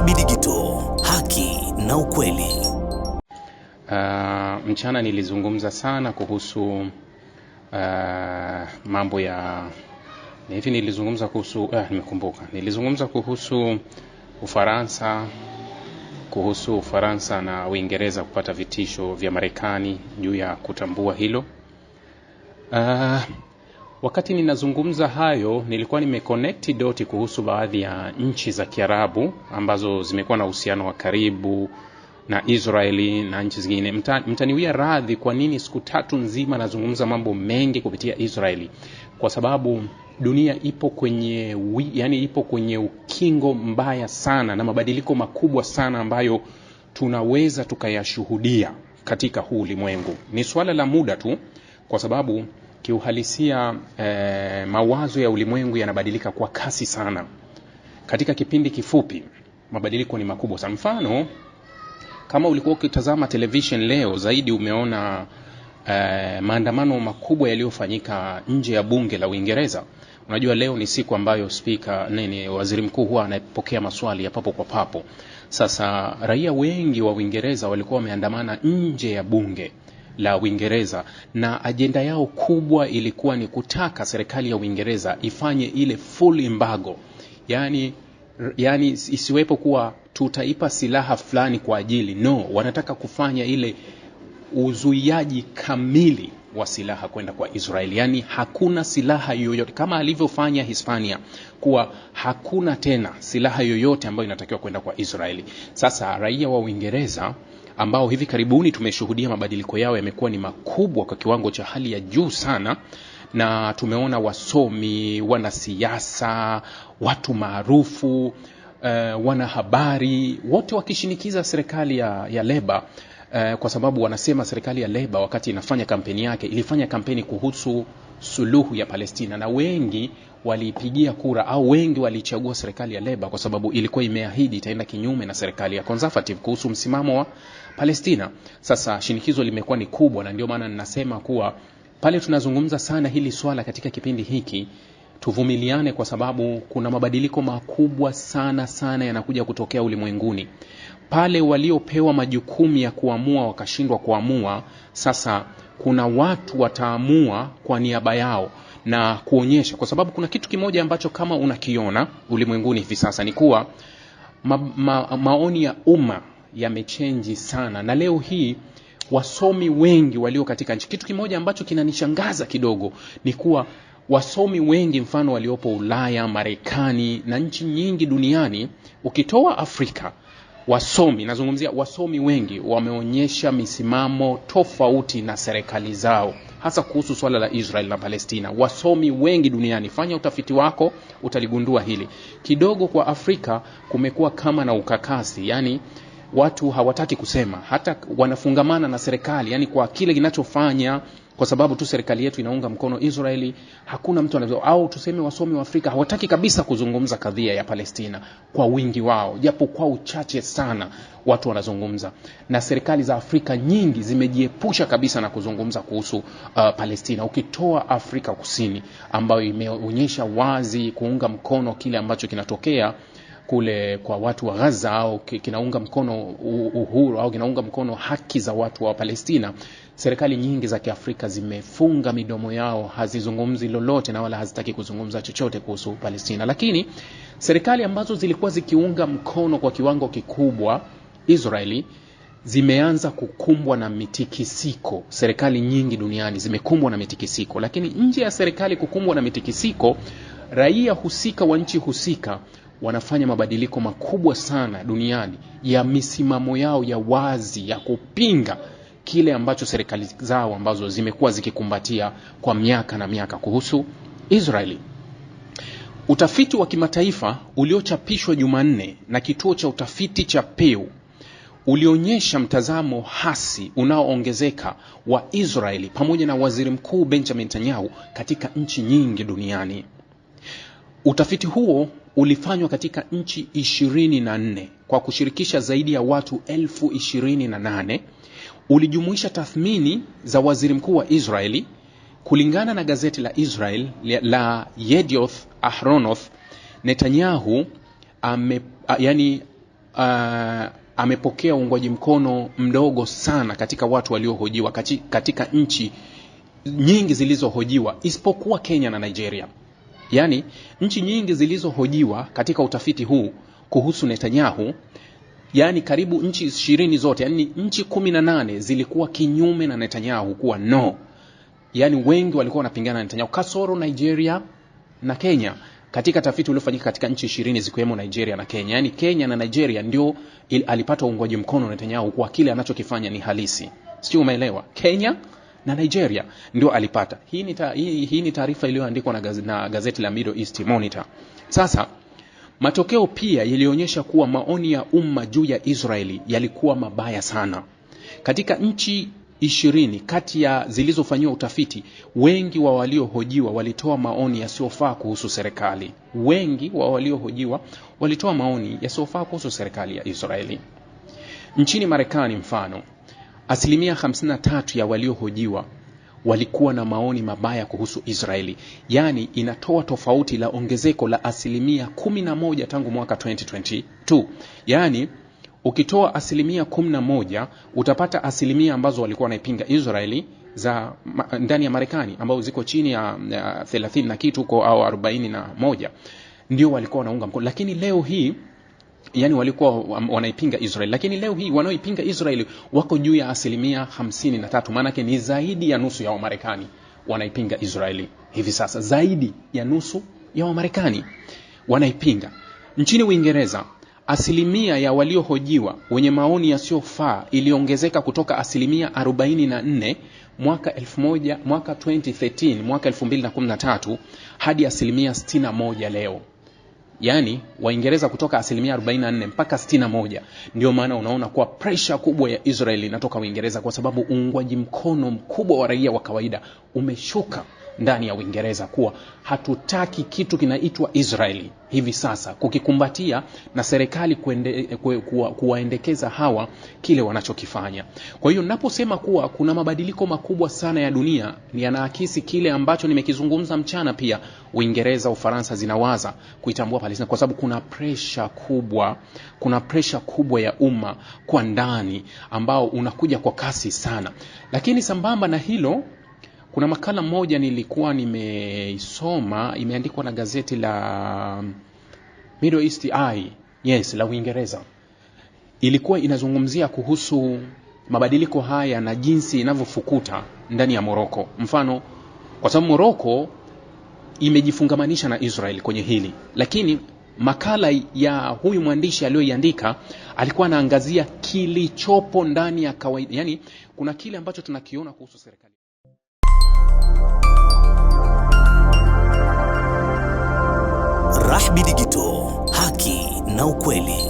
HB Digital, haki na ukweli. Uh, mchana nilizungumza sana kuhusu uh, mambo ya hivi nilizungumza kuhusu eh, nimekumbuka nilizungumza kuhusu Ufaransa kuhusu Ufaransa na Uingereza kupata vitisho vya Marekani juu ya kutambua hilo uh, Wakati ninazungumza hayo, nilikuwa nimeconnect doti kuhusu baadhi ya nchi za Kiarabu ambazo zimekuwa na uhusiano wa karibu na Israeli na nchi zingine. Mtaniwia radhi kwa nini siku tatu nzima nazungumza mambo mengi kupitia Israeli, kwa sababu dunia ipo kwenye yani, ipo kwenye ukingo mbaya sana na mabadiliko makubwa sana ambayo tunaweza tukayashuhudia katika huu ulimwengu. Ni swala la muda tu, kwa sababu kiuhalisia eh, mawazo ya ulimwengu yanabadilika kwa kasi sana katika kipindi kifupi. Mabadiliko ni makubwa sana. Mfano, kama ulikuwa ukitazama television leo zaidi umeona eh, maandamano makubwa yaliyofanyika nje ya bunge la Uingereza. Unajua leo ni siku ambayo spika nini, waziri mkuu huwa anapokea maswali ya papo kwa papo. Sasa raia wengi wa Uingereza walikuwa wameandamana nje ya bunge la Uingereza, na ajenda yao kubwa ilikuwa ni kutaka serikali ya Uingereza ifanye ile full embargo, yani, yani isiwepo kuwa tutaipa silaha fulani kwa ajili no, wanataka kufanya ile uzuiaji kamili wa silaha kwenda kwa Israeli, yaani hakuna silaha yoyote kama alivyofanya Hispania kuwa hakuna tena silaha yoyote ambayo inatakiwa kwenda kwa Israeli. Sasa raia wa Uingereza ambao hivi karibuni tumeshuhudia mabadiliko yao yamekuwa ni makubwa kwa kiwango cha hali ya juu sana, na tumeona wasomi, wanasiasa, watu maarufu Uh, wanahabari wote wakishinikiza serikali ya, ya Leba uh, kwa sababu wanasema serikali ya Leba wakati inafanya kampeni yake ilifanya kampeni kuhusu suluhu ya Palestina na wengi walipigia kura au wengi walichagua serikali ya Leba kwa sababu ilikuwa imeahidi itaenda kinyume na serikali ya Conservative kuhusu msimamo wa Palestina. Sasa shinikizo limekuwa ni kubwa, na ndio maana ninasema kuwa pale tunazungumza sana hili swala katika kipindi hiki tuvumiliane kwa sababu kuna mabadiliko makubwa sana sana yanakuja kutokea ulimwenguni pale waliopewa majukumu ya kuamua wakashindwa kuamua, sasa kuna watu wataamua kwa niaba yao na kuonyesha, kwa sababu kuna kitu kimoja ambacho kama unakiona ulimwenguni hivi sasa ni kuwa ma, ma, maoni ya umma yamechenji sana, na leo hii wasomi wengi walio katika nchi, kitu kimoja ambacho kinanishangaza kidogo ni kuwa wasomi wengi mfano waliopo Ulaya, Marekani na nchi nyingi duniani, ukitoa Afrika wasomi, nazungumzia wasomi wengi wameonyesha misimamo tofauti na serikali zao, hasa kuhusu swala la Israel na Palestina. Wasomi wengi duniani, fanya utafiti wako utaligundua hili. Kidogo kwa Afrika kumekuwa kama na ukakasi, yani watu hawataki kusema, hata wanafungamana na serikali, yani kwa kile kinachofanya kwa sababu tu serikali yetu inaunga mkono Israeli. Hakuna mtu anazo au tuseme wasomi wa Afrika hawataki kabisa kuzungumza kadhia ya Palestina kwa wingi wao, japo kwa uchache sana watu wanazungumza, na serikali za Afrika nyingi zimejiepusha kabisa na kuzungumza kuhusu uh, Palestina, ukitoa Afrika Kusini ambayo imeonyesha wazi kuunga mkono kile ambacho kinatokea kule kwa watu wa Gaza au kinaunga mkono uhuru au kinaunga mkono haki za watu wa Palestina, serikali nyingi za Kiafrika zimefunga midomo yao, hazizungumzi lolote na wala hazitaki kuzungumza chochote kuhusu Palestina. Lakini serikali ambazo zilikuwa zikiunga mkono kwa kiwango kikubwa Israeli zimeanza kukumbwa na mitikisiko. Serikali nyingi duniani zimekumbwa na mitikisiko, lakini nje ya serikali kukumbwa na mitikisiko, raia husika wa nchi husika wanafanya mabadiliko makubwa sana duniani ya misimamo yao ya wazi ya kupinga kile ambacho serikali zao ambazo zimekuwa zikikumbatia kwa miaka na miaka kuhusu Israeli. Utafiti wa kimataifa uliochapishwa Jumanne na kituo cha utafiti cha Pew ulionyesha mtazamo hasi unaoongezeka wa Israeli pamoja na Waziri Mkuu Benjamin Netanyahu katika nchi nyingi duniani. Utafiti huo ulifanywa katika nchi 24 kwa kushirikisha zaidi ya watu elfu 28 ulijumuisha tathmini za waziri mkuu wa Israeli. Kulingana na gazeti la Israel la Yedioth Ahronoth, Netanyahu ame, yani, a, amepokea uungwaji mkono mdogo sana katika watu waliohojiwa katika nchi nyingi zilizohojiwa isipokuwa Kenya na Nigeria. Yaani nchi nyingi zilizohojiwa katika utafiti huu kuhusu Netanyahu, yaani karibu nchi ishirini zote, yaani nchi kumi na nane zilikuwa kinyume na Netanyahu kuwa no, yaani wengi walikuwa wanapingana na Netanyahu kasoro Nigeria na Kenya katika tafiti uliofanyika katika nchi ishirini zikiwemo Nigeria na Kenya. Yaani Kenya na Nigeria ndio alipata uungwaji mkono Netanyahu kwa kile anachokifanya ni halisi. Sijui umeelewa? Kenya na Nigeria ndio alipata. Hii ni hii, hii ni taarifa iliyoandikwa na, na gazeti la Middle East Monitor. Sasa matokeo pia yalionyesha kuwa maoni ya umma juu ya Israeli yalikuwa mabaya sana. Katika nchi ishirini kati ya zilizofanyiwa utafiti, wengi wa waliohojiwa walitoa maoni yasiyofaa kuhusu serikali. Wengi wa waliohojiwa walitoa maoni yasiyofaa kuhusu serikali ya Israeli. Nchini Marekani mfano Asilimia 53 ya waliohojiwa walikuwa na maoni mabaya kuhusu Israeli, yaani inatoa tofauti la ongezeko la asilimia 11 tangu mwaka 2022. Yaani ukitoa asilimia 11 utapata asilimia ambazo walikuwa wanaipinga Israeli za ma, ndani ya Marekani ambao ziko chini ya, ya 30 na kitu au 41 ndio walikuwa wanaunga mkono, lakini leo hii yani walikuwa wanaipinga Israel, lakini leo hii wanaoipinga Israel wako juu ya asilimia hamsini na tatu. Maanake ni zaidi ya nusu ya Wamarekani wanaipinga Israeli hivi sasa, zaidi ya nusu ya Wamarekani wanaipinga. Nchini Uingereza, asilimia ya waliohojiwa wenye maoni yasiyofaa iliongezeka kutoka asilimia 44 mwaka 1000 mwaka 2013 mwaka 2013 hadi asilimia 61 leo yaani Waingereza kutoka asilimia 44 mpaka 61. Ndio maana unaona kuwa presha kubwa ya Israeli inatoka Uingereza, kwa sababu uungwaji mkono mkubwa wa raia wa kawaida umeshuka ndani ya Uingereza kuwa hatutaki kitu kinaitwa Israeli hivi sasa kukikumbatia na serikali kuwaendekeza hawa kile wanachokifanya. Kwa hiyo naposema kuwa kuna mabadiliko makubwa sana ya dunia, yanaakisi kile ambacho nimekizungumza mchana. Pia Uingereza, Ufaransa zinawaza kuitambua Palestina kwa sababu kuna presha kubwa, kuna presha kubwa ya umma kwa ndani ambao unakuja kwa kasi sana, lakini sambamba na hilo kuna makala moja nilikuwa nimeisoma imeandikwa na gazeti la Middle East Eye, yes, la Uingereza. Ilikuwa inazungumzia kuhusu mabadiliko haya na jinsi inavyofukuta ndani ya Moroko. Mfano, kwa sababu Moroko imejifungamanisha na Israel kwenye hili, lakini makala ya huyu mwandishi aliyoiandika alikuwa anaangazia kilichopo ndani ya kawaida, yani kuna kile ambacho tunakiona kuhusu serikali Rahby Digital, haki na ukweli.